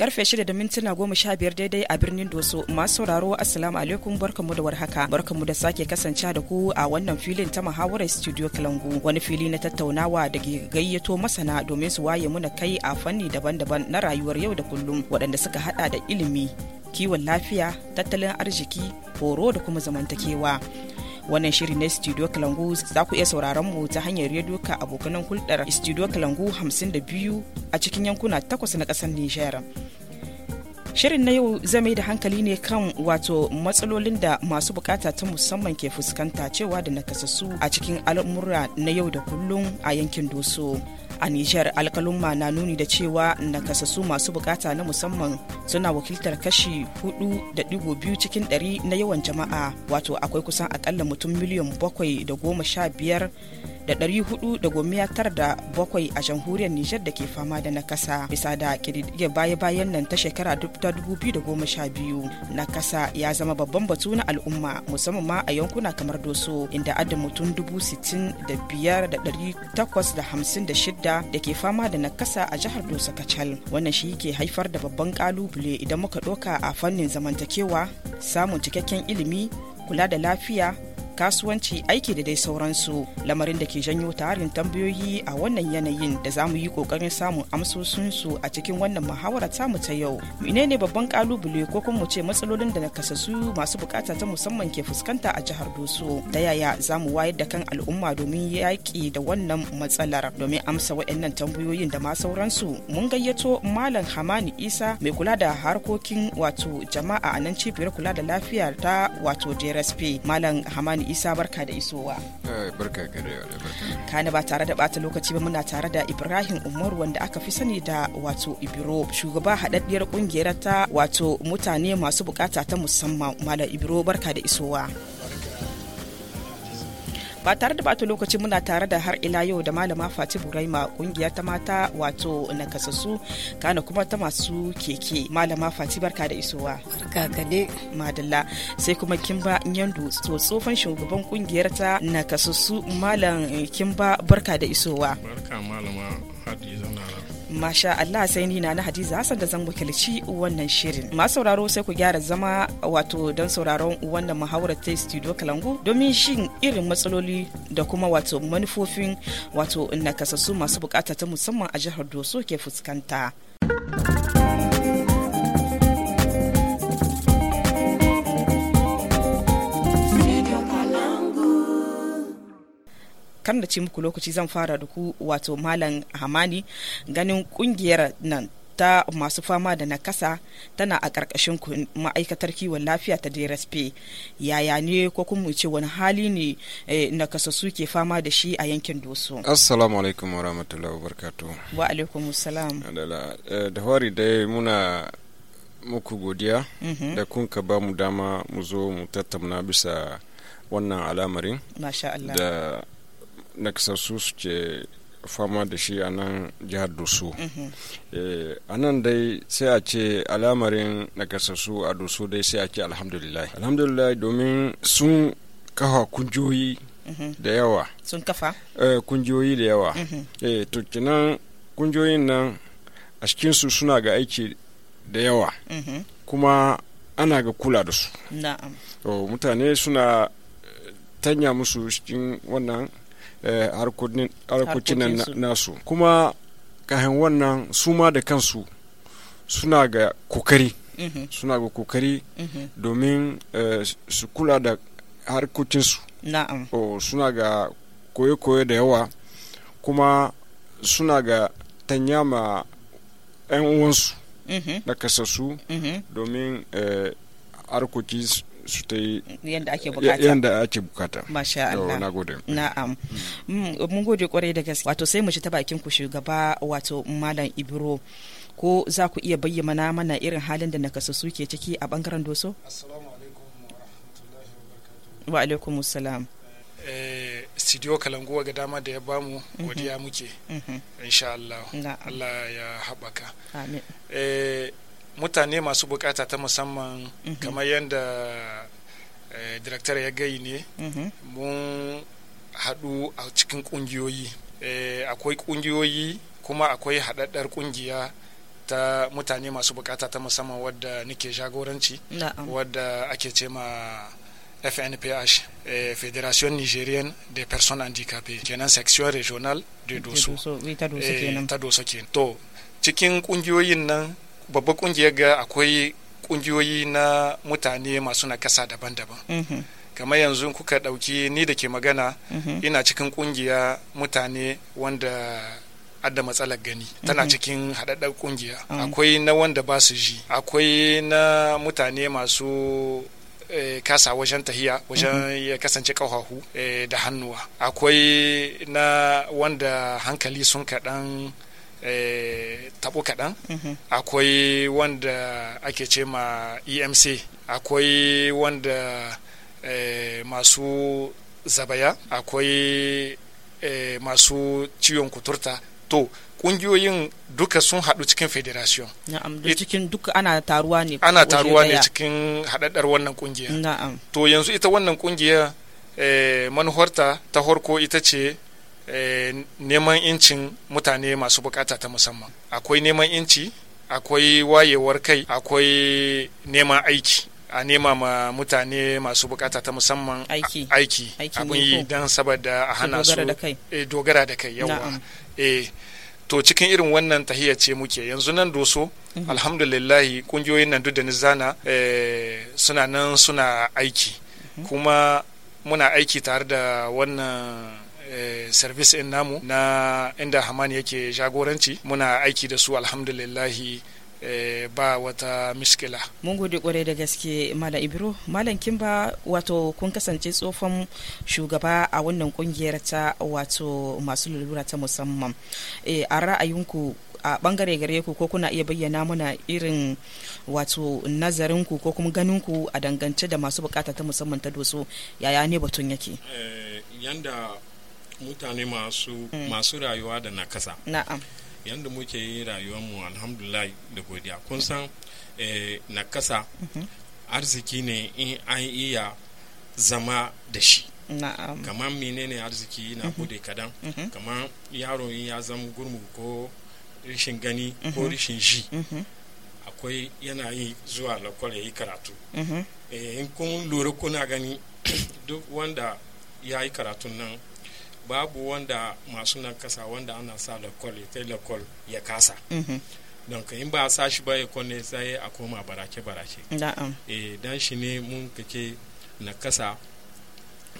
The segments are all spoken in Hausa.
karfe 6 da mintuna goma sha biyar daidai a birnin Doso masu sauraro assalamu alaikum barkamu da warhaka barkamu da sake kasance da ku a wannan filin ta muhawarar studio Kalangu wani fili na tattaunawa da gayyato masana domin su waye muna kai a fanni daban-daban na rayuwar yau da kullum waɗanda suka hada da ilimi kiwon lafiya tattalin arziki horo da kuma zamantakewa wannan shirin na studio kalangu za ku iya sauraron mu ta hanyar radio ka abokanan hulɗar studio kalangu 52 a cikin yankuna takwas na ƙasar nijar shirin na yau zame da hankali ne kan wato matsalolin da masu bukata ta musamman ke fuskanta cewa da nakasassu a cikin al'amura na yau da kullum a yankin doso a Nijar alkalumma na nuni da cewa nakasassu masu bukata na musamman suna wakiltar kashi 4.2 cikin 100 na yawan jama'a wato akwai kusan akalla mutum miliyan 715 da a jamhuriyar Nijar da ke fama da nakasa bisa da ƙididdige baya-bayan nan ta shekara 2012 nakasa ya zama babban batu na al'umma musamman ma a yankuna kamar doso inda adadin mutum 65,856 al'ada da ke fama da nakasa a jihar Dosa Kacal. Wannan shi ke haifar da babban kalubale idan muka doka a fannin zamantakewa, samun cikakken ilimi, kula da lafiya kasuwanci aiki da dai sauransu lamarin da ke janyo tarin tambayoyi a wannan yanayin da za mu yi kokarin samun amsosinsu a cikin wannan muhawara tamu ta yau menene babban kalubale ko kuma mu ce matsalolin da nakasassu masu bukata ta musamman ke fuskanta a jihar doso ta yaya za mu wayar da kan al'umma domin yaƙi da wannan matsalar domin amsa waɗannan tambayoyin da ma sauransu mun gayyato malam hamani isa mai kula da harkokin wato jama'a a nan cibiyar kula da lafiya ta wato jrsp malam hamani isa barka da isowa eh, barka kani ba tare da bata lokaci ba muna tare da ibrahim umaru wanda aka fi sani da wato ibro shugaba haɗaɗɗiyar ƙungiyar ta wato mutane masu bukata ta musamman malam ibro barka da isowa ba tare da bata lokaci muna tare da har ila yau da malama fati buraima kungiya ta mata wato nakasassu kana kuma ta masu keke malama fati barka da isowa barka ka madalla sai kuma kimba nyandu tsofan shugaban kungiyar ta nakasassu malam kimba barka da isowa barka malama hadi zanara Masha Allah sai ni na Hadiza Hassan da zan wakilci wannan shirin. masu sauraro sai ku gyara zama wato don sauraron wannan muhawarar ta Studio Kalangu domin shin irin matsaloli da kuma wato manufofin wato nakasassu masu bukata ta musamman a jihar Doso ke fuskanta. kar da ci muku lokaci zan fara da ku wato malam hamani ganin kungiyar nan ta masu fama da nakasa tana a ƙarƙashin ma'aikatar kiwon lafiya ta DRSP yaya ne ko kuma ce wani hali ne eh, nakasassu ke fama da shi a yankin doso assalamu alaikum wa rahmatullahi wa wa alaikum salam eh, da hori dai muna muku godiya mhm. da kun ka ba mu dama mu zo mu tattauna bisa wannan al'amarin da nakasassu suke fama da shi a nan jihar dusu. Mhm. Eh, a nan dai sai a ce alamarin nakasassu a dusu dai sai a ce alhamdulillah alhamdulillah domin sun kafa kunjoyi mhm. da yawa sun kafa eh, kunjoyi da yawa mhm. eh, to kinan kunjoyin nan a cikinsu suna ga aiki da yawa kuma ana ga kula da su mutane suna tanya musu cikin wannan Eh, harkokin nasu kuma kahin wannan suma da kansu suna ga kokari mhm. suna ga kokari mhm. domin eh, su kula da harkokinsu suna ga koye-koye da yawa kuma suna ga tanya ma 'yan uwansu mhm. na kasasu domin eh, harkokinsu su ta yi yadda ake bukata masha Allah na gode na'am mm, mun gode kwarai da gaske wato sai mu ci ta bakin ku shugaba wato malam ibro ko za ku iya bayyana mana irin halin da nakasassu ke ciki a bangaren doso wa alaikum assalam eh, studio kalanguwa ga dama da ya bamu mhm. godiya muke mhm. insha Allah Allah ya haɓaka eh, mutane masu bukata ta musamman mhm. kamar yadda eh, director ya gai ne mhm. mun haɗu a cikin ƙungiyoyi eh, akwai ƙungiyoyi kuma akwai haɗaɗɗar ƙungiya ta mutane masu bukata ta musamman wadda Nike jagoranci wadda ake ce ma FNPH, eh, federation Fédération Nigérienne des Personnes kenan section régionale de Dosso. ta doso kenan. To, cikin kungiyoyin nan babban kungiyar ga akwai kungiyoyi na mutane masu nakasa daban-daban mhm. kamar yanzu kuka ɗauki ni da ke magana mhm. ina cikin kungiya mutane wanda adda matsalar gani tana mhm. cikin haɗaɗɗar kungiya mm. akwai na wanda ba su ji akwai na mutane masu eh, kasa wajen tahiya wajen ya kasance ƙafafu eh, da hannuwa akwai na wanda hankali sun kaɗan Eh, tabo kaɗan mhm. akwai wanda ake ce ma emc akwai wanda eh, masu zabaya akwai eh, masu ciwon kuturta to kungiyoyin duka sun haɗu cikin federation na'am cikin duka ana taruwa ne ana taruwa ne cikin haɗaɗɗar wannan kungiya na'am to yanzu ita wannan kungiya manuharta ta horko ita ce Eh, neman incin mutane masu bukata ta musamman akwai neman inci akwai wayewar kai akwai neman aiki a nema ma mutane masu bukata ta musamman aiki abin yi don saboda a hana su eh, dogara da kai yawa eh, to cikin irin wannan tahiyar ce muke yanzu nan doso mhm. alhamdulillahi kungiyoyin nan duk da zana suna nan suna aiki mhm. kuma muna aiki tare da wannan Eh, service in namu na inda Haman yake jagoranci muna aiki da su alhamdulillahi eh, ba wata miskila. Mun gode kwarai da gaske Malam Ibro. Malam Kimba wato kun kasance tsofan shugaba a wannan kungiyar ta wato masu lalura ta musamman. Eh, a ra'ayinku a bangare gare ku ko kuna iya bayyana muna irin wato nazarinku ko kuma ganinku a dangance da masu bukata ta musamman ta doso yaya ne batun yake mutane masu hmm. masu rayuwa da nakasa kasa yanda muke yi rayuwar mu alhamdulillah da godiya kun san eh, nakasa mhm. arziki ne in an iya zama da shi na'am kamar menene arziki na bude mhm. kadan mhm. kamar yaro in ya zama gurmu ko rishin gani ko rishin ji akwai yana yi zuwa lakwal ya yi karatu eh, in kun lura kuna gani duk wanda ya yi karatun nan babu wanda masu nan kasa wanda ana sa lakol ya kai lakol ya kasa mhm. don ka in ba sa shi ba ya kone sai a koma barake-barake eh, dan shi ne mun kake na kasa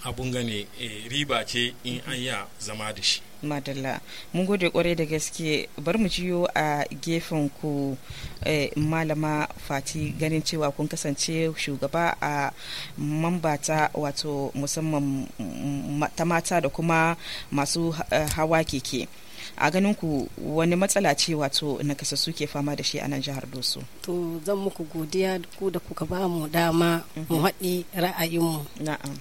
abun gane eh, riba ce in an ya zama da shi madalla mun gode kwarai da gaske bar mu jiyo a gefen ku eh, malama fati ganin cewa kun kasance shugaba a mambata wato musamman ta mata da kuma masu eh, hawa keke a ganin ku wani matsala ce wato nakasassu ke fama da shi a nan jihar doso to zan muku godiya ku da kuka ba mu dama mu mhm. haɗi ra'ayinmu na'am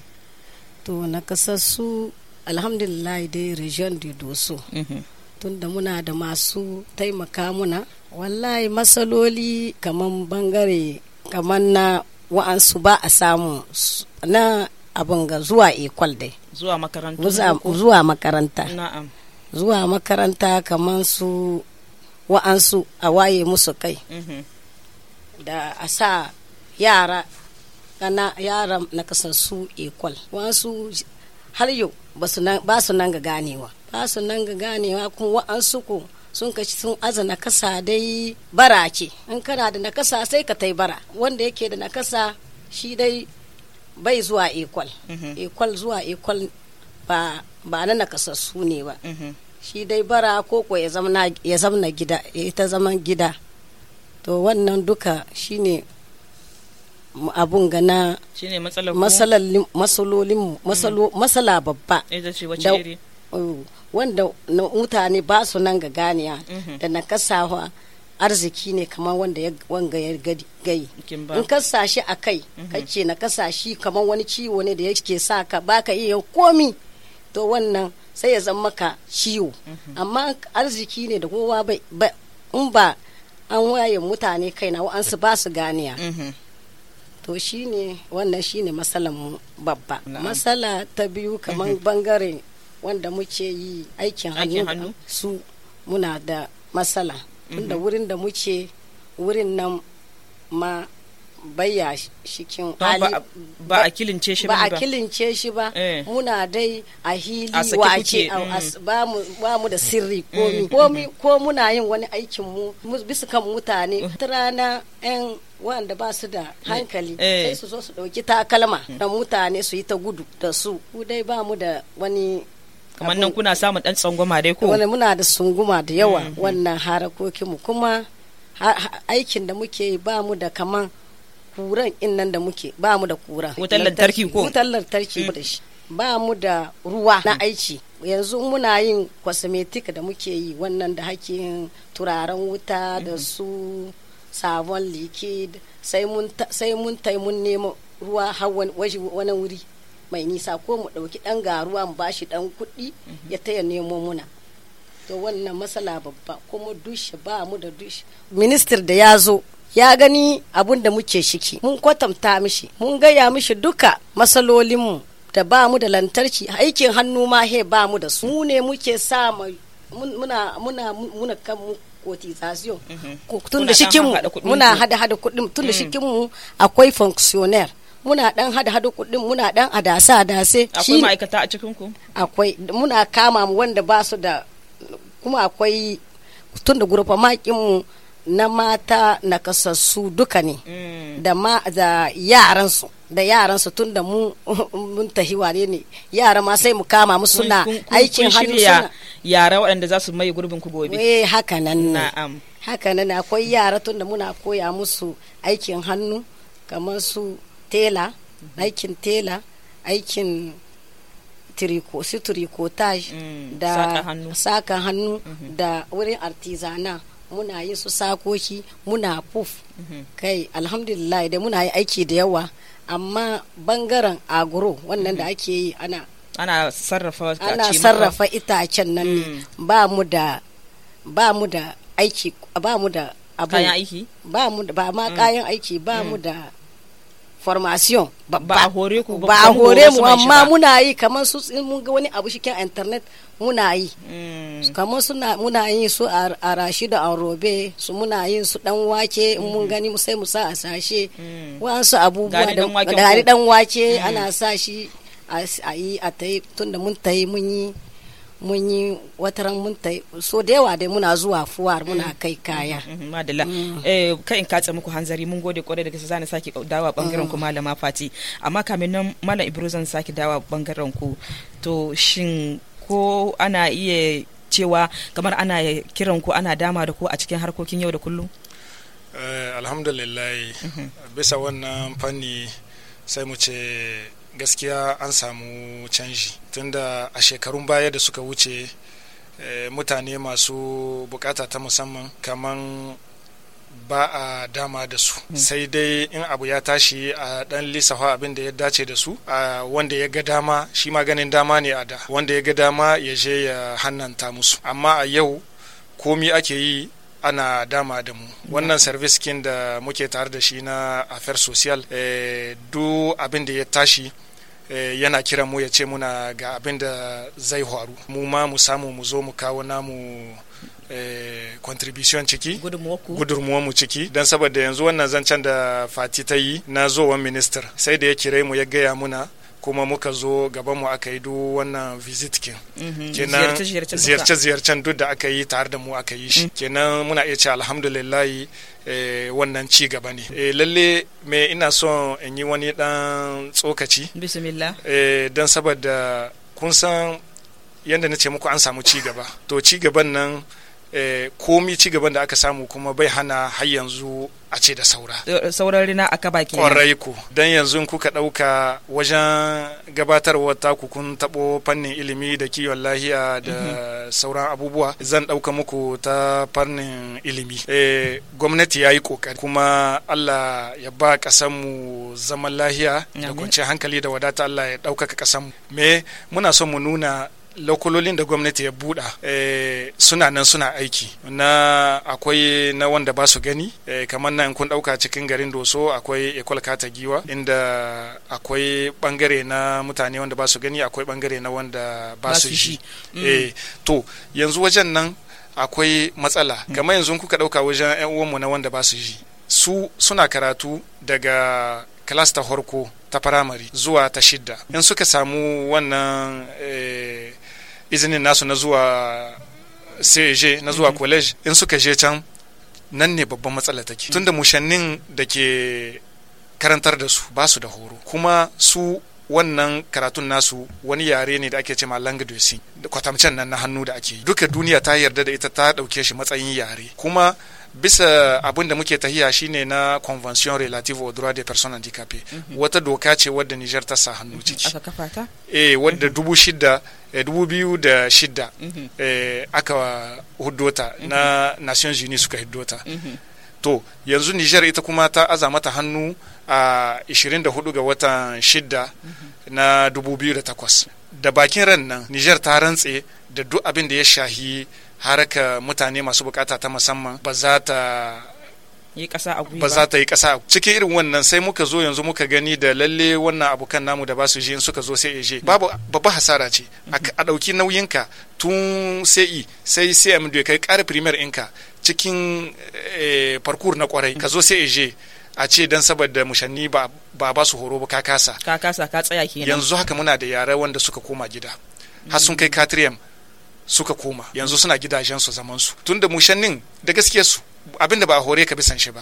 to nakasassu alhamdulillah dai region de doso mhm. tunda muna da masu taimaka muna wallahi masaloli kamar bangare kamar na wa'ansu ba a samu na abin ga zuwa ekwal dai zuwa makaranta zuwa makaranta zuwa makaranta kamar su wa'ansu a waye musu kai mhm. da a sa yara na kasar su ekwal wa'ansu har yau ba su nan ga ganewa ba su nan ga ganewa kun wa'ansu ko sun kashi sun aza nakasa dai bara ce in kana da nakasa sai ka tai bara wanda yake da nakasa shi dai bai zuwa ekwal mhm. ekwal zuwa ekwal ba na na nakasassu ne ba mhm. shi dai bara ko ko ya zamna gida ya ta zaman gida to wannan duka shine abun gana mm. matsala babba oh, wanda mutane ba su nan ga ganiya mm-hmm. da na kasawa arziki ne kamar wanda ya wanga ya gai in kasashe a kai mm-hmm. kace na kasa shi kamar wani ciwo ne da yake sa ka baka iya komi to wannan sai ya zama maka ciwo mm-hmm. amma arziki ne da kowa bai in ba an waye mutane kai na wa'ansu ba su ganiya to shine wannan shine matsalan mu babba matsala ta biyu kamar mhm. bangare wanda muke yi aikin hannu su muna da matsala tunda mhm. wurin da muke wurin nan ma bayya shikin ba a kilince shi ba a kilince shi ba eh. muna dai a hili wace mm. ba mu da sirri mm. Mm. komi ko muna yin wani aikin mu bisa kan mutane ta yan wanda ba su da hankali eh. sai su zo su dauki takalma da mutane su yi ta gudu da su Ku dai ba mu da wani kamar nan kuna samun dan tsanguma dai ko wani muna da sunguma da yawa wannan harakokinmu kuma aikin da muke yi ba mu da kaman kuran in nan da muke ba mu da kuran wutar lantarki ko wutar lantarki ba da shi mm. ba mu da ruwa na mm. aiki yanzu muna yin cosmetic da muke yi wannan da hakin turaren wuta da mm-hmm. su sabon liquid sai mun tai mun nemo ruwa waje wani wuri mai nisa ko mu ɗauki ɗan garuwa mu bashi ɗan kuɗi mm-hmm. ya taya nemo muna to wannan matsala babba kuma dushe ba mu da dushe minister da ya zo ya gani abin da muke shiki mun kwatanta mishi mun gaya mishi duka matsalolinmu da ba mu da lantarki aikin hannu ma he ba mu da su mu ne muke sa muna muna muna kan mu cotisation tun da shikin mu muna hada hada kudin tun da mm. shikin mu akwai fonctionnaire muna dan hada hada kudin muna dan adasa adase akwai ma'aikata a cikin ku akwai muna kama mu wanda ba su da kuma akwai tun da gurfa makin mu na mata kasassu duka ne mm. da yaransu da yaransu tun da mu mun tahi ware ne yara ma sai mu kama mu suna aikin hannu suna yara waɗanda za su mai gurbin ku gobe eh haka nan ne haka nan akwai yara tun da muna koya musu aikin hannu kamar su tela mhm. aikin tela aikin su turikotage mm. da saka hannu mhm. da wurin artizana muna yin su sakoki muna puf mhm. kai alhamdulillah da muna yi aiki da yawa amma bangaren agro wannan da mhm. ake yi ana ana sarrafa ana sarrafa itacen nan ne mm. ba mu da ba mu da aiki ba mu da kayan aiki ba mu da ba ma mm. kayan aiki ba mu mm. da formation ba a hore ku ba a hore mu amma muna yi kamar su mun ga wani abu shikin internet muna yi mm. kamar su muna yi su a da an robe su muna yin su dan wake in mun mm. gani sai mu sa a sashe mm. wasu abubuwa da dan wake ana sa shi a yi a tayi tunda mun tayi mun yi mun yi ran mun ta so da yawa dai muna zuwa fuwar muna mm. kai kaya mm, mm, madalla eh kai in katse muku hanzari mun gode kwarai da gaske zan sake dawa bangaren ku malama fati amma kamin nan malam Ibrahim zan sake dawa bangaren ku to shin ko ana iya cewa kamar ana kiran ku ana dama da ku a cikin harkokin yau da kullum eh, alhamdulillah mm-hmm. bisa wannan fanni sai mu ce gaskiya an samu canji tunda a shekarun baya da suka wuce eh, mutane masu bukata ta musamman kaman ba a dama da su hmm. sai dai in abu ya tashi a dan lissafa abin da ya dace da su a wanda ya ga dama shi maganin dama ne a da wanda ya ga dama ya je ya hannanta musu amma a yau komi ake yi ana dama da mu wannan service kin da muke tare da shi na affairs social eh, Du abin da ya tashi Eh, yana kira mu ya ce muna ga abin da zai faru mu ma mu samu mu zo mu kawo namu eh, contribution ciki gudurmuwa mu ciki don saboda yanzu wannan zancen da fati ta yi na zowan minister sai da ya kire mu ya gaya muna kuma muka zo gaban mu aka yi duk wannan visit kin mhm, kenan ziyarce ziyarcen duk da aka yi tare da mu aka yi shi mhm. kenan muna iya ce alhamdulillah eh, wannan ci gaba ne eh, lalle me ina so in yi wani dan tsokaci bismillah eh, Dan saboda kun san yadda na ce muku an samu ci gaba to ci gaban nan komi ci gaban da aka samu kuma bai hana har yanzu a ce da saura sauran rina a kaba ke kwarai ku dan yanzu kuka ɗauka wajen gabatarwar taku kun taɓo fannin ilimi da kiwon lahiya da mhm. sauran abubuwa zan ɗauka muku ta fannin ilimi eh, gwamnati ya yi ƙoƙari kuma allah ya ba mu zaman lahiya da kwanciyar hankali da wadata allah ya ɗaukaka mu me muna son mu nuna lokulolin da gwamnati ya buɗa eh, suna nan suna aiki na akwai na wanda ba su gani eh, kamar nan kun ɗauka cikin garin doso akwai ekol kata giwa inda akwai ɓangare na mutane wanda ba su gani akwai ɓangare na wanda ba su shi eh, mm. to yanzu wajen nan akwai matsala mm. kamar yanzu kuka ɗauka wajen 'yan uwanmu na wanda ba su ji su suna karatu daga kalas ta horko ta firamare zuwa ta shidda in suka samu wannan izinin nasu na zuwa cg na zuwa college in suka je can nan ne babban matsala take tunda mushannin da ke karantar da su ba su da horo kuma su wannan karatun nasu wani yare ne da ake cema langue de sin. kwatamcen nan na hannu da ake duka duniya ta yarda da ita ta dauke shi matsayin yare kuma bisa abin da muke tahiya shine na convention relative au droit des personnes handicapées mhm. wata doka ce wadda Niger ta sa hannu mhm. ciki aka kafa ta eh wadda mhm. dubu shida eh, dubu biyu da shida eh, aka huddota na Nations Unies suka huddota to yanzu nijar ita kuma ta aza mata hannu a 24 ga watan 6 na 2008 da bakin ran nan nijar ta rantse da duk abin da ya shahi haraka mutane masu bukata ta musamman ba za ta ba za ta yi ƙasa cikin irin wannan sai muka zo yanzu muka gani da lalle wannan abokan namu da ba su je in suka zo sai je babu babba hasara ce a ɗauki nauyinka tun sai sai cmd kai ƙara primer inka cikin eh, parkour na kwarai ka zo sai eje a ce dan saboda mushanni ba ba su horo ba ka kasa ka kasa ka tsaya kenan yanzu haka muna da yare wanda suka koma gida har sun kai katriyam suka koma yanzu suna gidajen su zaman su tunda mushannin da gaskiya su abinda ba hore ka bisan shi ba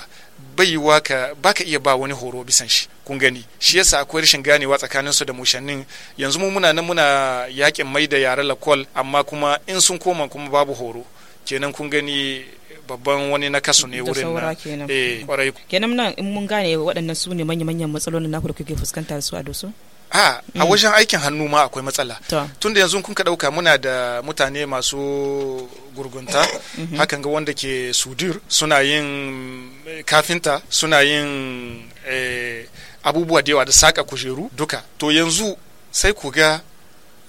bai ka baka iya ba wani horo bisan shi kun gani shi yasa akwai rashin ganewa tsakanin su da mushannin yanzu mu muna nan muna yakin mai da yare lakol amma kuma in sun koma kuma babu horo kenan kun gani babban wani na kasu ne wurin na eh, kwarai kenan nan in mun gane waɗannan su ne manya-manyan matsalolin naku da kuke fuskanta su a dosu a a mm. wajen aikin hannu ma akwai matsala tunda yanzu kun ɗauka muna da mutane masu gurgunta mhm. hakan ga wanda ke sudir suna yin kafinta suna yin eh, abubuwa da yawa da saka kujeru duka to yanzu sai ku ga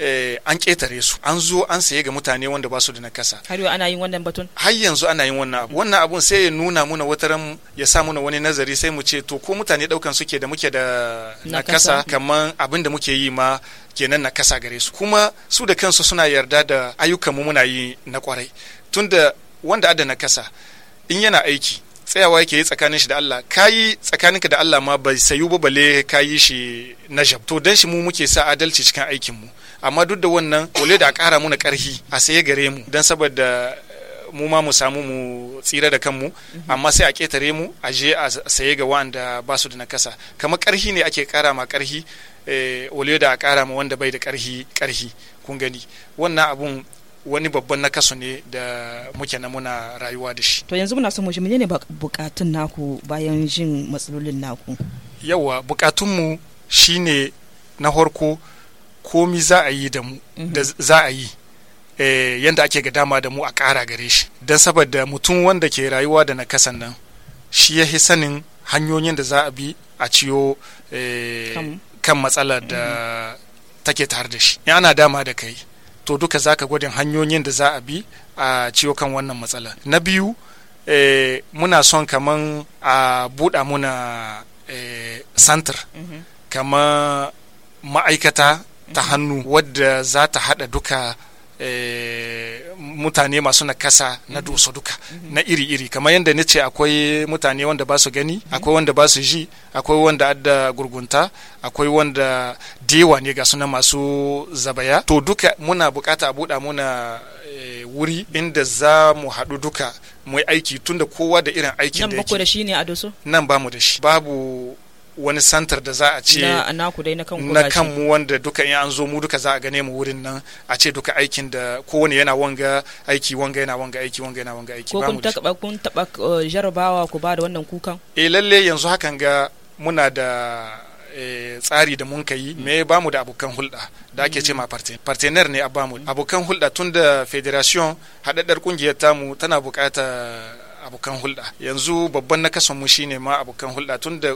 Eh, an ƙetare su an zo an saye ga mutane wanda ba su da nakasa har ana yin wannan batun har yanzu ana yin wannan abu wannan abun sai ya nuna muna wataran ya sa muna wani nazari sai mu ce to ko mutane daukan suke da muke da nakasa kamar abin da muke yi ma kenan nakasa gare su kuma su da kansu suna yarda da ayyukan mu muna yi na kwarai tunda wanda ada nakasa in yana aiki tsayawa yake yi tsakanin shi da Allah kayi tsakaninka da Allah ma bai sayu ba bale kayi shi najab to dan shi mu muke sa adalci cikin aikin mu amma duk da wannan wale da a ƙara muna ƙarfi a saye gare mu don saboda eh, mu ma mu samu mu tsira da kanmu mhm. amma sai a ketare mu a je a saye ga wanda ba su da nakasa kamar karhi ne ake kara ma karhi eh, wale da a kara ma wanda bai da karhi karhi kun gani wannan abun wani babban nakasu ne da muke na muna rayuwa da shi to yanzu muna son mu shi menene bukatun naku bayan jin matsalolin naku yawa bukatunmu shine na farko komi za a yi da mu mhm. da za a yi eh, Yadda ake ga dama da mu a ƙara gare shi don saboda mutum wanda ke rayuwa da nakasan nan shi ya sanin hanyoyin da za a bi a ciyo eh, kan matsalar da mhm. take tare da shi in ana dama da kai to duka zaka gwadin hanyoyin da za a bi a ciyo kan wannan matsala na biyu eh, muna son kaman a buɗa muna santar mhm. kama ma'aikata ta hannu wadda za ta haɗa duka E, mutane masu nakasa na doso duka na iri-iri kamar yadda na ce akwai mutane wanda ba su gani akwai wanda ba su ji akwai wanda adda gurgunta akwai wanda dewa ne ga suna masu zabaya to duka muna bukata a buɗa muna eh, wuri inda za mu haɗu duka mu aiki tunda kowa da irin aikin nan ba da shi ne a doso nan ba mu da shi babu wani santar da za a ce na kanmu wanda duka in an zo mu duka za a gane mu wurin nan a ce duka aikin da kowane yana wanga aiki wanga yana wanga aiki wanga yana wanga aiki ko kun taba eh, jarabawa ku ba da wannan kukan eh lalle yanzu hakan ga muna da eh, tsari da mun kai mm. me ba mu da abokan hulɗa da ake ce ma mm. partenaire ne a ba mu mm. abokan hulɗa tun da federation haɗaɗɗar ƙungiyar tamu tana buƙata abokan hulɗa yanzu babban na mu shine ma abokan hulɗa tun da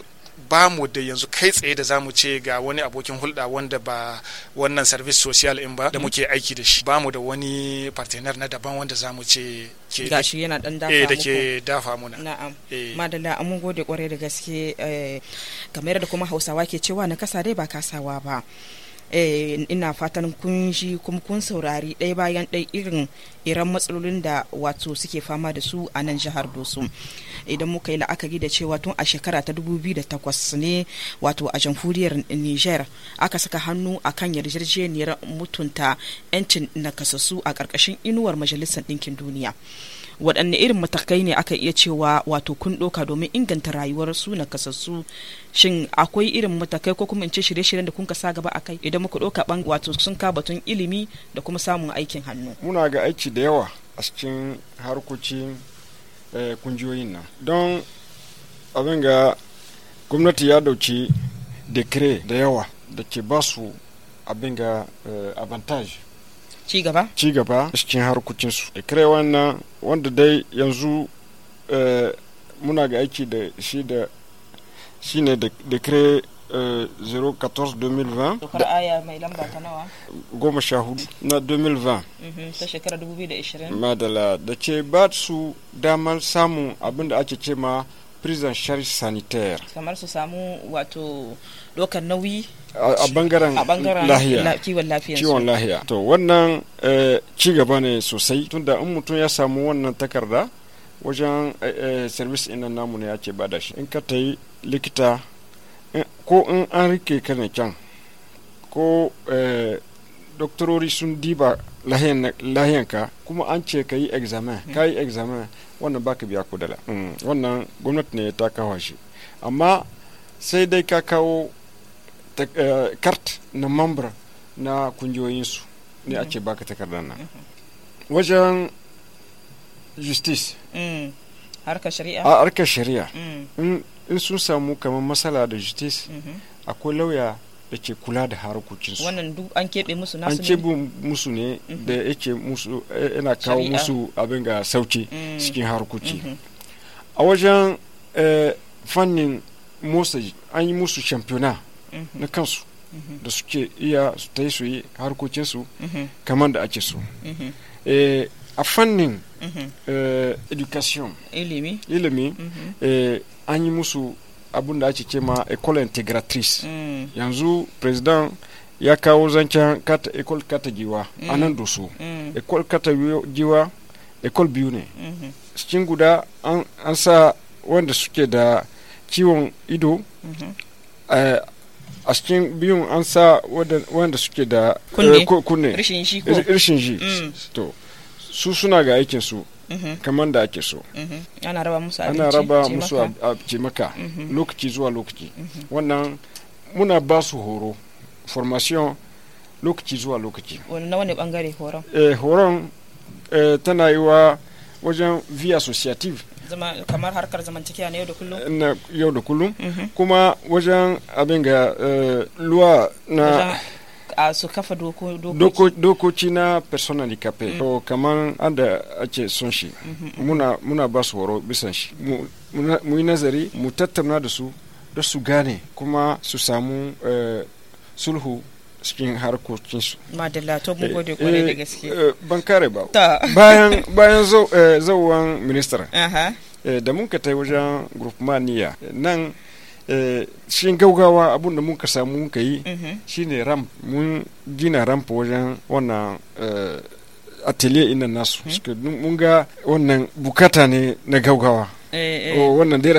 ba mu da yanzu kai tsaye da zamu ce ga wani abokin hulɗa wanda ba wannan service social in ba da muke aiki da shi ba mu da wani partner na daban wanda zamu ce ke shi yana dan dafa eh da ke dafa muna na'am eh. madalla mun gode kwarai da gaske eh, kamar da kuma Hausawa ke cewa na kasa dai ba kasawa ba Eh, ina fatan kun shi kuma kun saurari ɗaya bayan ɗaya irin iran matsalolin da wato suke fama da su a nan jihar dosu idan muka yi la'akari da cewa tun a shekara ta dubu biyu da 2008 ne wato a jamhuriyar niger aka saka hannu a kan yarjejeniyar mutunta 'yancin nakasassu a ƙarƙashin inuwar majalisar ɗinkin duniya waɗanne irin matakai ne aka iya cewa wato kun ɗoka domin inganta rayuwar su na kasassu shin akwai irin matakai ko kuma in ce shirye-shiryen da kun ka sa gaba a kai idan muka ɗoka ban wato sun ka batun ilimi da kuma samun aikin hannu muna ga aiki da yawa a cikin harkokin eh, kungiyoyin nan don abin ga gwamnati ya dauki dekire da yawa da ke ba su abin ga eh, avantage ci gaba ci gaba cikin harkokinsu kare wannan wanda dai yanzu eh, muna ga aiki da shi da shi ne da eh, kare 014-2020 da aya mai lamba ta nawa goma sha hudu na 2020 mhm, ta shekarar 2020 madala da ce ba su damar samun abin da ake ce ma prison charge sanitaire kamar su samu wato ɗaukar nauyi a bangaren kiwon lafiya kiwon lafiya to wannan eh, ci gaba ne sosai tunda in mutum ya samu wannan takarda wajen eh, eh, service ina namu ne ya ce ba da shi in ka ta yi likita ko in an rike ka ne can ko doktorori sun diba lahiyanka kuma an ce ka yi examen ka yi examen wannan baka biya kudala mm, wannan gwamnati ne ta kawo shi amma sai dai ka kawo kart eh, na mambra na kungiyoyinsu ne ake mhm. baka takardar nan mhm. wajen justice mm. harkar shari'a a harkar shari'a mm. in sun samu kamar matsala da justice mhm. akwai lauya da ke kula da harkokinsu wannan duk an keɓe musu nasu an keɓe musu ne da yake musu eh, yana kawo musu abin ga sauke mm. cikin harkoki a wajen eh, fannin motsa an yi musu championnat Mhm. na kansu mhm. da suke iya su ta su yi harkokinsu mhm. kamar da ake so eh, a fannin eh, education ilimi eh, an yi musu abin da ake kema ecole integratrice mm. yanzu president ya kawo zancen kata ecole kata giwa mm. a nan doso ecole mm. kata giwa ecole biyu ne cikin guda an sa wanda suke da ciwon ido a cikin biyun an sa wanda suke da kunne eh, rishin shi mm. to su suna ga aikin su mm-hmm. kamar da ake so mm-hmm. ana raba musu ana raba musu a cimaka mm-hmm. lokaci zuwa lokaci wannan muna ba su horo formation lokaci zuwa lokaci na wani bangare horon eh, horon eh, tana yi wa wajen via associative kamar harkar zamantakewa na yau da kullum na yau da kullum mhm. kuma wajen abin ga eh, luwa na a su kafa dokoki na personal handicapé mhm. to kamar anda ake son shi mhm. muna ba su horo bisan shi mu yi nazari mu tattauna da su da su gane kuma su samu eh, sulhu cikin harkokinsu. da to mu eh, gode kwarai da eh, gaske. Eh, ban kare ba. Bayan bayan zauwan ministar. Da mun ka tai wajen mania nan shi gaugawa abun da ka samu ka yi mhm. shine ramp mun gina ramp wajen wannan atelier ina nasu mhm. mun ga wannan bukata ne na gaugawa oh, wannan dai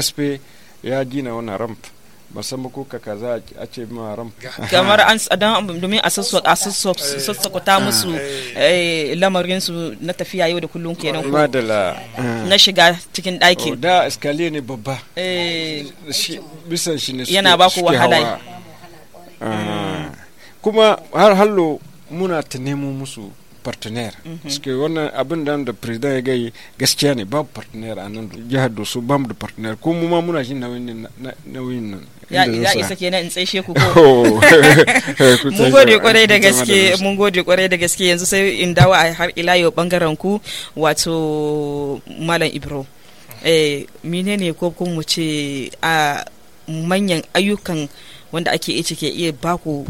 ya gina wannan ramp ba san ba ko ka kaza a ce ma ram kamar an dan domin a eh. ta musu eh. eh, lamarin su na tafiya yau da kullum kenan ko na shiga cikin ɗaki oh, da iskaliya ne babba bisan shi ne yana ba ku wahala ah. kuma har hallo muna ta nemo musu partenaire mhm. parce que wannan abin da da president ya gai gaskiya ne babu partenaire a nan jihar doso bamu da partenaire ko mu ma muna jin nauyin nan ya isa kenan in tsaishe ku ko oh. mun gode kwarai da gaske mun gode kwarai da gaske yanzu sai in dawo a har ila yau bangaren ku wato malam ibro eh menene ko kun mu ce a manyan ayyukan wanda ake ice ke iya baku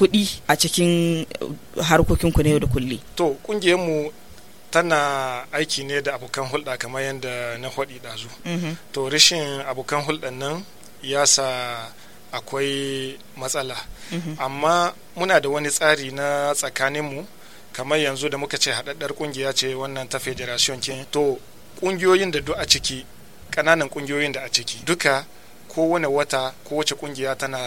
kuɗi a cikin eh, harkokinku na yau da kulle. To mu tana aiki ne da abokan hulɗa kamar yadda na haɗi ɗazu. Mhm. To rashin abokan hulɗan nan ya sa akwai matsala. Mhm. Amma muna da wani tsari na tsakanin mu kamar yanzu da muka ce haɗaɗɗar ƙungiya ce wannan ta federation ke to ƙungiyoyin da duk a ciki ƙananan ƙungiyoyin da a ciki duka kowane wata kowace ƙungiya tana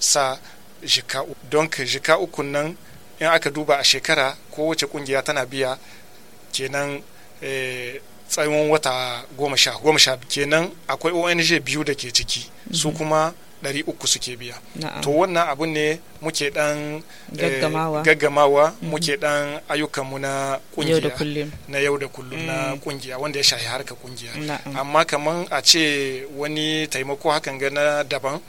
sa jika don jika uku nan in aka duba a shekara kowace kungiya tana biya kenan eh, tsawon wata goma sha goma sha kenan akwai ong biyu da ke ciki su mhm. kuma ɗari uku suke biya to wannan abu ne muke dan eh, gaggamawa mhm. muke ayyukanmu na kungiya na yau da kullum na mm. kungiya wanda ya shahi harka kungiya amma kamar a ce wani taimako hakan ga na daban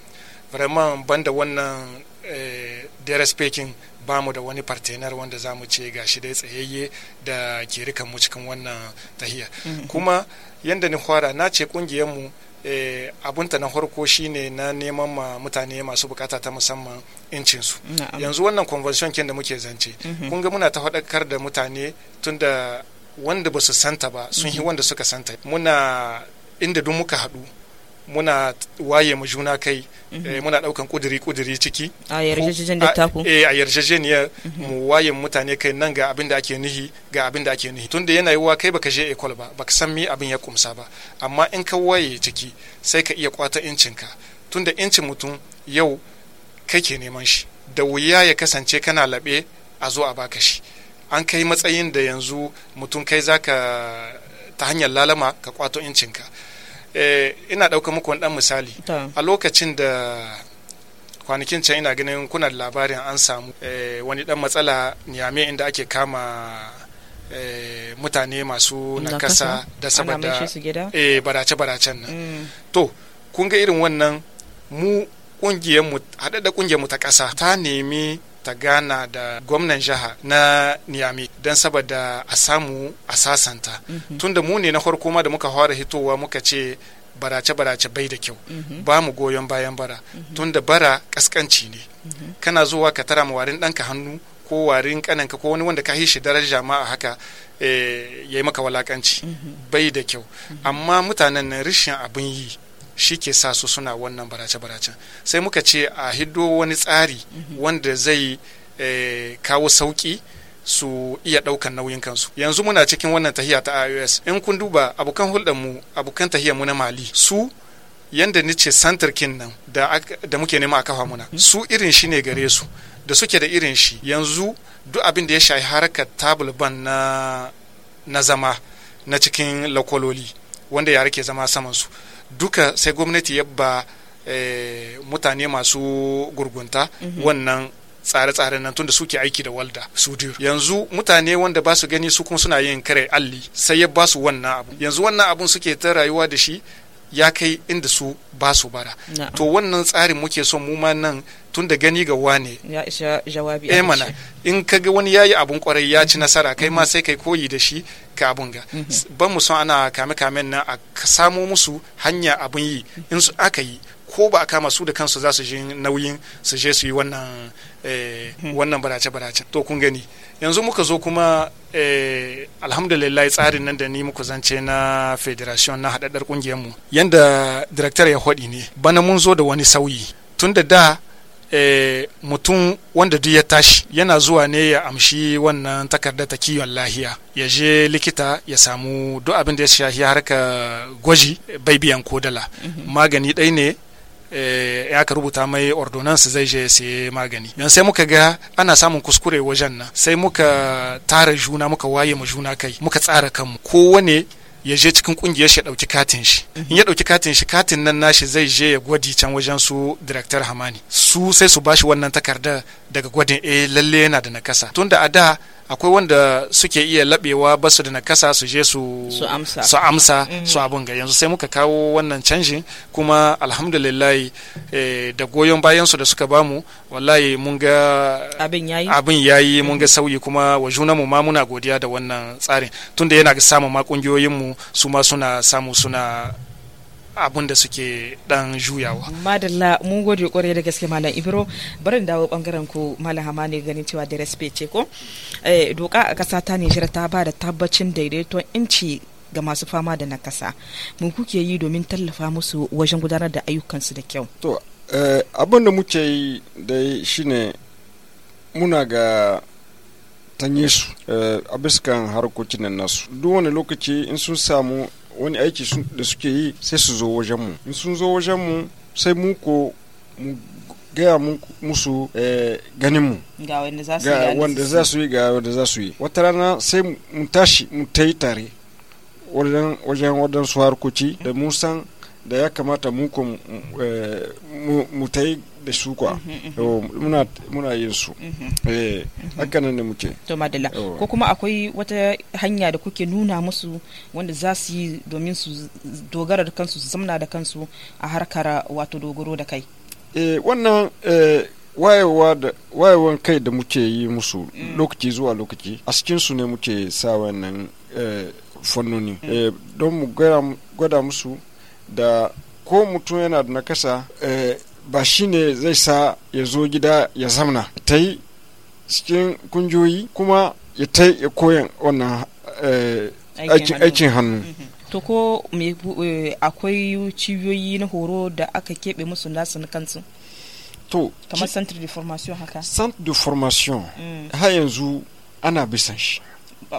vraiment banda wannan Eh, dare speaking ba mu da wani partenar wanda za mu ce gashi dai tsayayye da ke rikan mu cikin wannan tahiya mm-hmm. kuma yadda ni fara na ce mu eh, abun abunta na farko shine na neman ma mutane masu bukata ta musamman incinsu yanzu wannan convention kin da muke zance mm-hmm. kun muna ta faɗakar da mutane tunda wanda ba su santa ba sun yi mm-hmm. wanda suka santa muna inda duk muka haɗu muna waye mu juna kai mhm. eh, muna daukan kuduri kuduri ciki a yarjejeniyar eh, mhm. mu waye mutane kai nan ga abin da ake nihi ga abin da ake nihi tunda yana yiwuwa kai baka je ecole ba baka san mi abin ya kumsa ba amma in ka waye ciki sai ka iya kwata incinka tunda incin mutum yau kake neman shi da wuya ya kasance kana labe a zo a baka shi an kai matsayin da yanzu mutum kai zaka ta hanyar lalama ka kwato incin ka Eh, ina ɗauka muku wani dan misali a lokacin da kwanakin can ina ganin kuna labarin an samu eh, wani dan matsala niyame inda ake kama eh, mutane masu nakasa da saboda barace-baracen nan mm. to kun ga irin wannan mu mu haɗe kungiyar mu ta ƙasa ta nemi ta gana da gwamnan jiha na niyami don saboda a samu a sasanta mhm. tunda mu ne na farko ma da muka fara hitowa muka ce barace-barace bai da kyau mhm. ba mu goyon bayan bara mhm. tunda bara kaskanci ne kana zuwa ka tara ma warin ɗanka hannu ko warin kananka ko wani wanda ka shi daraja ma a haka eh, ya yi maka walakanci bai da kyau amma mutanen na rishin abin yi shi ke sa su suna wannan barace-baracen sai muka ce a hiddo wani tsari wanda zai eh, kawo sauki su iya ɗaukan nauyin kansu yanzu muna cikin wannan tahiya ta ios in kun duba abokan hulɗarmu abokan tahiyar mu na mali su yanda ni ce santarkin nan da, muke nema a kafa muna su irin shi ne gare su da suke da irin shi yanzu duk abin da ya shayi harkar tabulban na, na zama na cikin lakwaloli wanda yare ke zama saman su duka sai gwamnati ya ba eh, mutane masu gurgunta mhm. wannan tsare tsare nan tunda suke aiki da walda su yanzu mutane wanda ba su gani su kuma suna yin kare alli sai ya ba su wannan abu yanzu wannan abun suke ta rayuwa da shi ya kai inda su ba su bara to wannan tsarin muke son mu ma nan tun da gani ga wane ya isa jawabi eh mana in ka ga wani ya yi abun kwarai ya ci mm-hmm. nasara kai ma mm-hmm. sai kai koyi da shi ka abun ga mm-hmm. ban mu son ana kame kamen nan a samo musu hanya abun yi in su aka yi ko ba a kama su da kansu za su ji nauyin su je su yi wannan Eh, wannan barace barace to kun gani yanzu muka zo kuma eh, alhamdulillah tsarin nan da ni muku zance na federation na haɗaɗɗar mu yanda director ya haɗi ne bana mun zo da wani sauyi tun da da eh, mutum wanda duk ya tashi yana zuwa ne ya amshi wannan takardar ta kiwon lahiya ya je likita ya samu duk abin da ya shahi harka gwaji bai biyan kodala mhm. magani ɗai ne ya eh, ka rubuta mai ordonance zai je sai magani don sai muka ga ana samun kuskure wajen nan sai muka tara juna muka waye mu juna kai muka tsara kanmu kowane ya je cikin kungiyar shi ya dauki katin shi in ya dauki katin shi katin nan nashi zai je ya gwadi can wajen su director hamani su sai su bashi wannan takardar daga gwadin E eh, lalle yana da nakasa tunda a da akwai wanda suke iya labewa ba su da nakasa su je su su amsa mm. su abun ga yanzu sai muka kawo wannan canjin kuma alhamdulillahi eh, da goyon bayan su da suka bamu wallahi mun ga abin yayi abin mun ga mm. sauyi kuma wa juna mu ma muna godiya da wannan tsarin tunda yana samun ma kungiyoyin mu su ma suna samu suna abun da suke dan juyawa madalla mun gode kwarai da gaske malam ibro barin dawo bangaren ku malam ne ganin cewa da respect ce ko eh, doka a kasa ta nijar ta ba da tabbacin daidaiton inci ga masu fama da nakasa mun kuke yi domin tallafa musu wajen gudanar da ayyukan su da kyau to eh, abin da muke yi dai shine muna ga tanye su eh, a biskan harkokin nasu duk wani lokaci in sun samu wani aiki da suke yi sai su zo wajen mu in sun zo wajen mu sai mu ko mu gaya musu eh, ganin mu ga wanda za su yi ga wanda za su yi wata rana sai mu tashi mu ta yi tare wajen wajen wadansu harkoci da musan san da ya kamata muku mu eh, ta yi da su kwa mhm, mhm. muna yin su mhm, eh, haka nan da muke to madalla ko kuma akwai wata hanya da kuke nuna musu wanda za su yi domin su dogara da kansu su zamna da kansu a harkar wato dogaro da kai eh, wannan wayewan kai da muke yi musu mm. lokaci zuwa lokaci a cikinsu ne muke sa wannan fannoni mm. don mu gwada musu da ko mutum yana da nakasa eh, ba shi ne zai sa ya zo gida ya zamna ta yi cikin kunjoyi kuma ya ta yi koyan wannan eh, aikin hannu mm-hmm. to ko eh, akwai cibiyoyi na horo da aka keɓe musu nasu na kansu to kamar centre de formation haka centre de formation mm. har yanzu ana bisan shi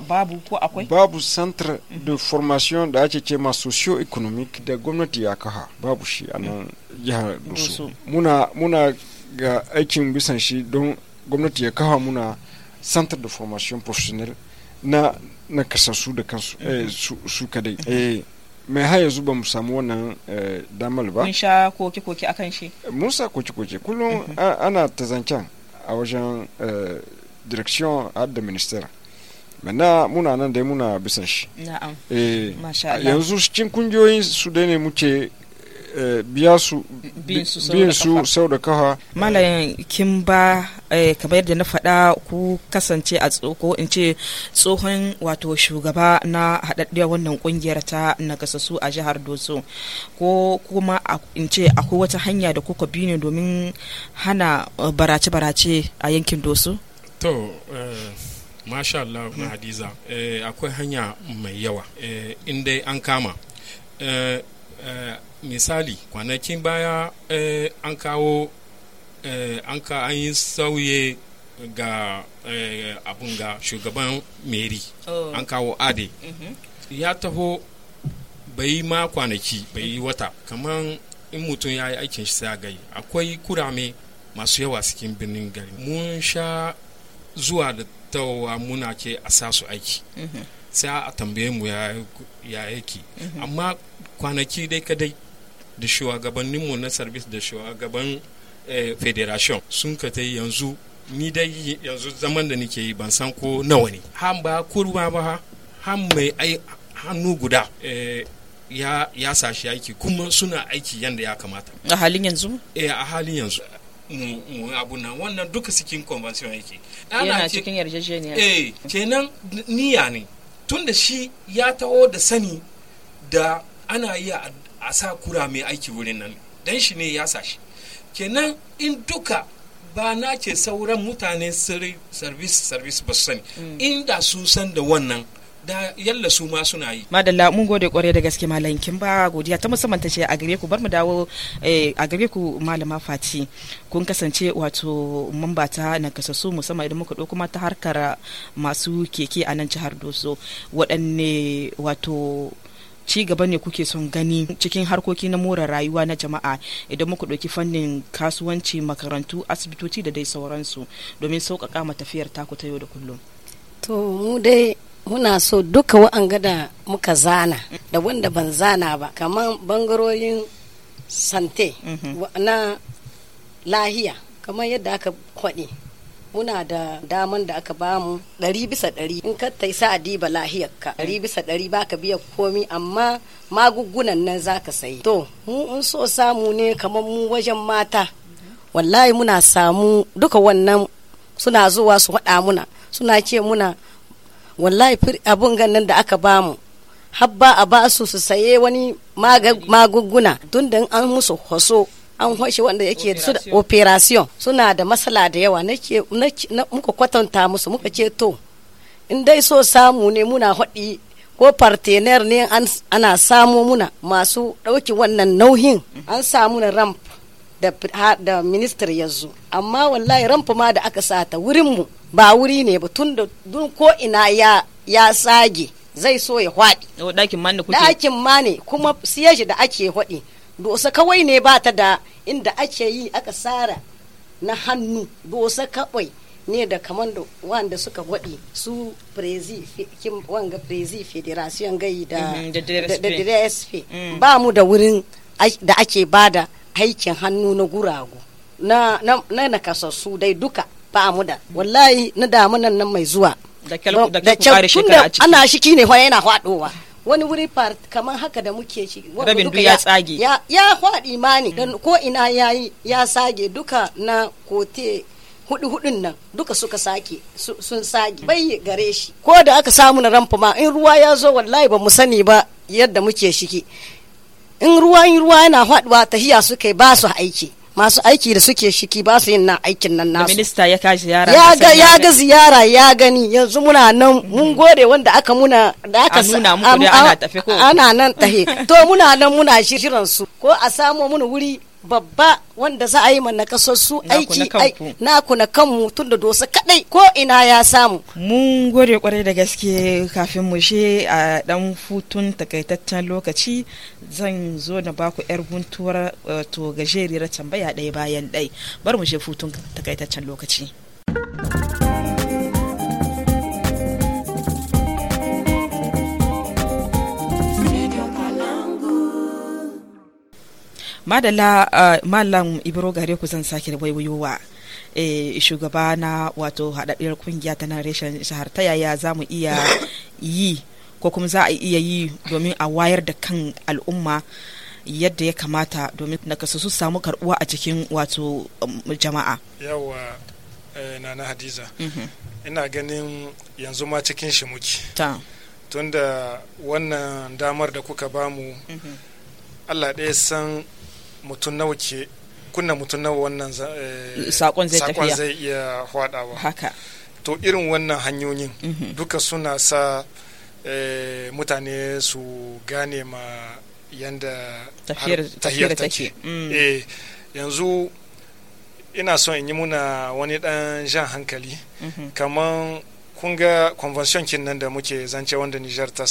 babu ko akwai babu centre de formation da ake ce ma socio-economic da gwamnati ya kaha babu shi a nan jihar Dusu muna muna ga aikin bisan shi don gwamnati ya kaha muna centre de formation professionnel na na kasassu da kansu eh, mhm. su kadai eh mai har yanzu ba mu samu wannan eh, damar ba mun sha koke-koke akan shi mun sa koke-koke kullum mhm. ana ta zancen a wajen eh, direction ad ministère mana muna nan dai muna bisan shi eh, yanzu cikin kungiyoyin su dai ne muke eh, biya su biyan su sau da kafa malayin kin ba eh, kamar yadda na faɗa ku kasance a tsoko in ce tsohon wato shugaba na haɗaɗɗiyar wannan ƙungiyar ta nagasasu a jihar doso ko kuma in ce akwai wata hanya da kuka bi ne domin hana barace-barace a yankin doso to masha Allah na hadiza eh, akwai hanya mai yawa eh, in dai an kama eh, misali kwanakin baya an kawo an ka an yi sauye ga abun ga shugaban meri oh. an kawo ade mm-hmm. ya taho bai ma kwanaki bai yi wata kaman in mutum ya yi aikin shi sai gai akwai kurame masu yawa cikin birnin gari mun sha zuwa da tawowa muna ke a sa su aiki mhm. sai a tambaye mu ya aiki mhm. amma kwanaki dai kadai da shugabanninmu na service da shugaban eh, federation sun ka ta yanzu ni dai yanzu zaman da nike yi ban san ko nawa ne han ba kurwa ba han mai ai hannu guda eh, ya sashi aiki kuma suna aiki yadda ya kamata a halin yanzu eh, a halin yanzu mu abun nan wannan duka cikin convention yake yana cikin yarjejeniya eh kenan niyya ne tunda shi ya taho da sani da ana iya a sa kura mai aiki wurin nan dan shi ne ya sashi kenan in duka ba na ce sauran mutane service service ba su sani mm. inda su san da wannan da yalla su ma suna yi madalla mun gode kware da gaske malam kin ba godiya ta musamman ta ce a gare ku bar mu dawo eh, a gare ku malama fati kun kasance wato mamba ta nakasassu musamman idan muka kuma ta harkar masu keke a nan jihar doso waɗanne wato ci gaba ne kuke son gani cikin harkoki na more rayuwa na jama'a idan muka ɗauki fannin kasuwanci makarantu asibitoci da dai sauransu domin sauƙaƙa ma tafiyar taku ta yau da kullum to mu dai muna so duka wa'anga da muka zana da wanda ban zana ba kamar bangarorin sante mhm. na lahiya kamar yadda aka kwaɗe muna da daman da aka bamu ɗari bisa ɗari in ka ta sa diba lahiyarka mhm. ɗari bisa ɗari ba ka biya komi amma magungunan nan za ka sayi to mu in so samu ne kamar mu wajen mata wallahi muna samu duka wannan suna zuwa su haɗa muna suna ce muna wallahi abun ganin da aka bamu habba a ba su su saye wani magunguna tun da an musu hoso an hoshe wanda yake su da operation suna da matsala da yawa muka kwatanta musu muka ce to in dai so samu ne muna hodi ko partener ne ana samu muna masu ɗauki wannan nauhin. an samu na ramp da ministar ya zo amma wallahi ranfa ma da aka sata wurin mu ba wuri ne ba tun da ko ina ya ya sage zai so ya hwaɗi Dakin ma ne kuke ma ne kuma siyaji da ake hwaɗi dosa kawai ne ba ta da inda ake yi aka sara na hannu dosa kawai ne da kamar da wanda suka waɗi su prezi kim wanga prezi federation gai da mhm, da mm. ba mu da wurin da ake bada aikin hannu na guragu na na nakasassu dai duka ba mu da wallahi na damunan nan mai zuwa da kyalkun da ana shiki ne yana faɗowa wani wuri part kamar haka da muke shi. rabin duk ya tsage ya ya ma ne. dan mm. ko ina yayi ya sage duka na kote hudu hudun nan duka suka sake sun sage mm. bai gare shi ko da aka samu na ramfa ma in ruwa ya zo wallahi ba mu sani ba yadda muke shiki in ruwan ruwa yana faduwa tahiya suke ba su aiki masu aiki da suke shiki ba su yin nan aikin nan nasu. Minista ya kashi ziyara. Ya ga ya ga ziyara ya gani yanzu muna nan hmm. mun gode wanda aka muna da aka nuna muku da ana tafe ko ana nan tahe to muna nan muna shirin su ko a samo muna wuri babba wanda za a yi mana kasassu aiki naku na kanmu tun da dosa kadai ko ina ya samu. Mun gode kwarai da gaske kafin mu she a dan futun takaitaccen lokaci zan zo na baku yar guntuwar eh, to gajeriyar tambaya ɗaya bayan ɗai bar mu she futun takaitaccen lokaci. Madala eh, malam ibro gare ku zan sake waiwayowa eh, shugaba na wato haɗaɗɗiyar kungiya ta nan reshen shahar ta yaya za mu iya yi ko kuma za a iya yi domin a wayar da kan al'umma yadda ya kamata domin nakasa su samu karbuwa a cikin wato um, jama'a yawa eh, nana hadiza mhm. ina ganin yanzu ma cikin shi muke tunda wannan damar da kuka bamu mhm. allah ɗaya san mutum nawa ke kunna mutum nawa wannan eh, sakon zai tafiya zai iya hwadawa haka to irin wannan hanyoyin mhm. duka suna sa eh, mutane su gane ma yanda tafiyar take mm. eh, yanzu ina son in yi muna wani dan jan hankali mhm. kamar kun ga convention kin nan da muke zance wanda Nijar ta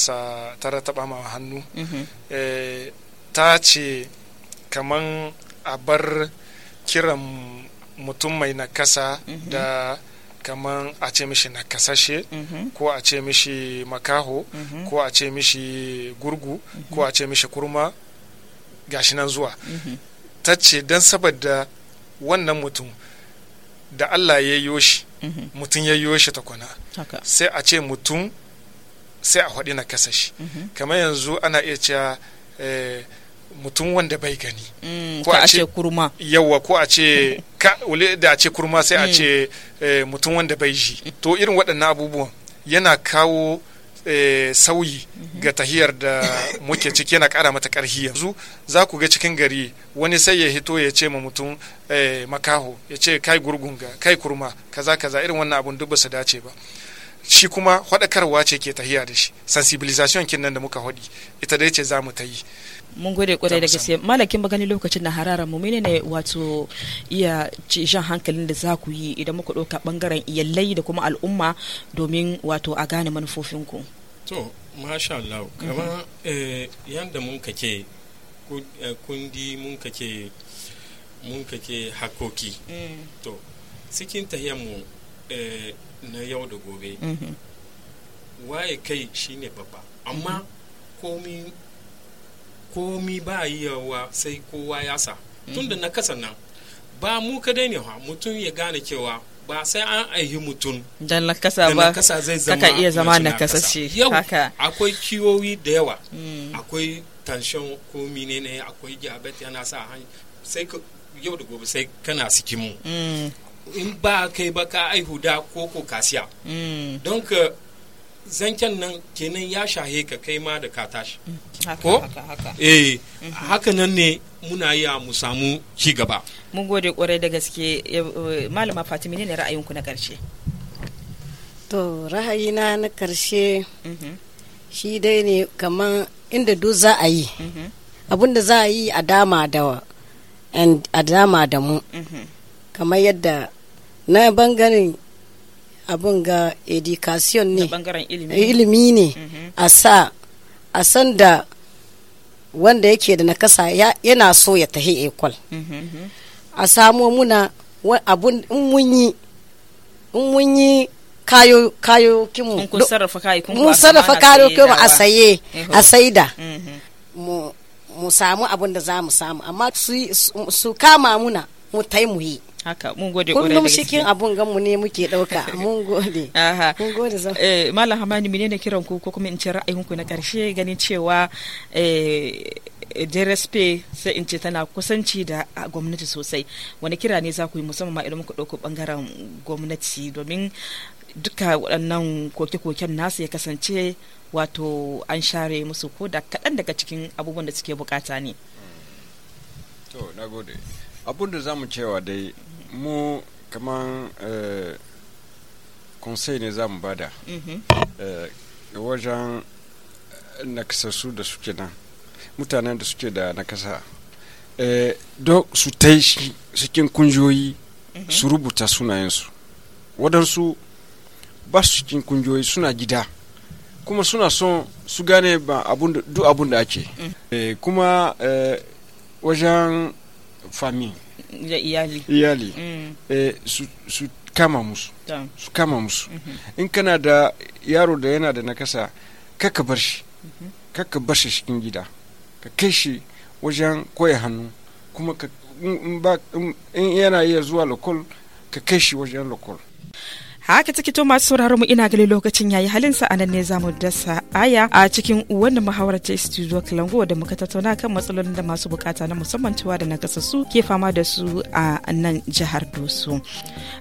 taba ma hannu mhm. ta ce kaman a bar kiran mutum mai nakasa mhm. da kaman a ce mishi nakasashe mhm. ko a ce mishi makaho mhm. ko a ce mishi gurgu ko a ce mishi kurma gashi nan zuwa ta ce don saboda wannan mutum da Allah ya yi yoshi mutum ya yi ta kwana. sai a ce mutum sai a haɗi na kasashe. kamar yanzu ana iya cewa eh, mutum wanda bai gani mm, ko a ce kurma yawa ko a ce ka da a ce kurma sai a mm. ce eh, mutum wanda bai ji to irin waɗannan abubuwan yana kawo eh, sauyi mhm. ga tahiyar da muke ciki yana kara mata karhi yanzu za ku ga cikin gari wani sai ya hito ya ce ma mutum eh, makaho ya ce kai gurgunga kai kurma kaza kaza irin wannan abun duk basu dace ba shi kuma faɗakarwa ce ke tahiya da shi sensibilisation kin nan da muka haɗi ita dai ce za mu ta yi mun gode kwarai da gaske malakin ba gani lokacin na hararar mu menene wato iya jan hankalin da za ku yi idan muka ɗauka bangaren iyalai da kuma al'umma domin wato a gane manufofin ku to masha Allah mhm. kama eh, yadda mun kake eh, kundi mun kake mun kake hakoki mm. to cikin mu eh, na yau da gobe mhm. waye kai shine babba amma mhm. komi komi ba yawa sai kowa ya sa mhm. Tun da na kasa nan ba mu kadai ne ha mutum ya gane cewa ba sai an aihi mutum da kasa ba kasa zai zama iya zama nakasashe haka akwai kiwowi da yawa mm. akwai tension ko ne akwai diabetes yana sa sai ka, yau da gobe sai kana sikimu mm. in ba kai ba ka aihu da koko kasiya mm. don ka zancen nan kenan ya shahe ka kai ma da ka tashi mm, ko eh mm-hmm. haka nan ne muna yi mu samu ci gaba mun gode kwarai da gaske eh, malama fatima ne ra'ayinku na karshe to ra'ayina na karshe mm-hmm. shi dai ne kaman inda duk za a yi mm-hmm. abinda za a yi a dama da a dama da mu kamar yadda na bangaren abin ga education ne eh, ilimi ne mhm. a sa a san da wanda yake da nakasa yana so ya tahi ekwal mhm, mhm. a samo muna abun in mun yi in mun kayo kayo kimu mun sarrafa kayo kimu a saye a eh, saida mu samu abin da za mu samu amma su kama muna mu tai mu yi haka mun gode kwarai da gaske cikin abun ganmu ne muke dauka mun gode aha mun gode zo eh malam hamani ne kiran ku ko kuma in ce ra'ayin ku na karshe ganin cewa eh JRSP sai in ce tana kusanci da ah, gwamnati sosai wani kira ne za ku yi musamman ma idan muka ɗauko ɓangaren gwamnati domin duka waɗannan koke-koken nasu ya kasance wato an share musu ko da kaɗan daga cikin abubuwan da suke bukata ne. To, na gode. abun da za mu cewa dai mu kaman konsai eh, ne za mu bada mhm. eh, wajen eh, nakasassu da suke nan mutanen da suke da nakasa don su ta cikin kunjoyi mhm. su rubuta sunayensu waɗansu ba su cikin kunjoyi suna gida kuma suna son su gane duk abun da ake mm. kuma wajen famin da iyali mm. eh, su, kama musu su kama musu mhm. in kana da yaro da yana da nakasa kaka bar shi mhm. kaka bar shi cikin gida ka kai shi wajen koya hannu kuma in yana iya zuwa lokol ka kai shi wajen lokol haka take to masu sauraron mu ina ganin lokacin yayi halin sa anan ne zamu dasa aya a cikin wannan muhawarar ta studio kalango da muka tattauna kan matsalolin da masu bukata na musamman cewa da su ke fama da su a nan jihar Doso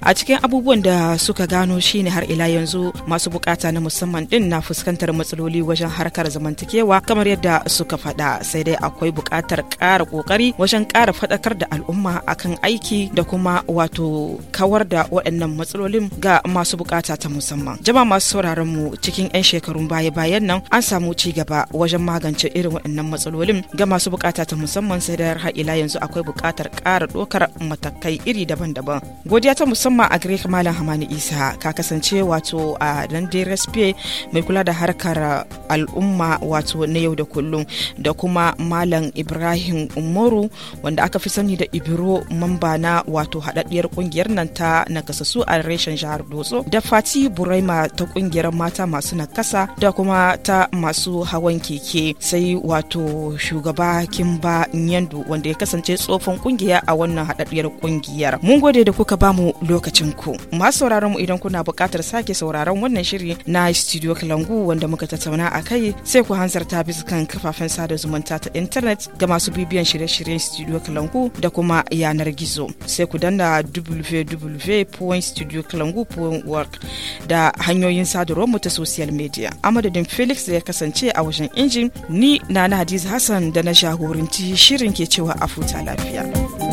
a cikin abubuwan da suka gano shine har ila yanzu masu bukata na musamman din na fuskantar matsaloli wajen harkar zamantakewa kamar yadda suka faɗa sai dai akwai bukatar ƙara ƙoƙari wajen ƙara faɗakar da al'umma akan aiki da kuma wato kawar da waɗannan matsalolin ga masu bukata ta musamman jama masu sauraron mu cikin 'yan shekarun baya-bayan nan an samu ci gaba wajen magance irin waɗannan matsalolin ga masu bukata ta musamman sai da har ila yanzu akwai bukatar ƙara ɗaukar matakai iri daban-daban godiya ta musamman a gare malam hamani isa ka kasance wato a dandai respe mai kula da harkar al'umma wato na yau da kullum da kuma malam ibrahim umaru wanda aka fi sani da ibro mamba na wato haɗaɗɗiyar ƙungiyar nan ta nakasassu a reshen jihar do Sokoto da Fati Buraima ta kungiyar mata masu nakasa da kuma ta masu hawan keke sai wato shugaba Kimba Nyandu wanda ya kasance tsofin kungiya a wannan haɗaɗɗiyar kungiyar. Mun gode da kuka bamu lokacin ku. Masu sauraron mu idan kuna buƙatar sake sauraron wannan shiri na Studio Kalangu wanda muka tattauna a kai sai ku hanzarta bisa kan kafafen sada zumunta ta intanet ga masu bibiyan shirye-shiryen Studio Kalangu da kuma yanar gizo. Sai ku danna www.studiokalangu.com Zone work da hanyoyin sadarwar mu ta social media a madadin felix da ya kasance a wajen injin ni na hadiza hassan da na jagoranci shirin ke cewa a futa lafiya.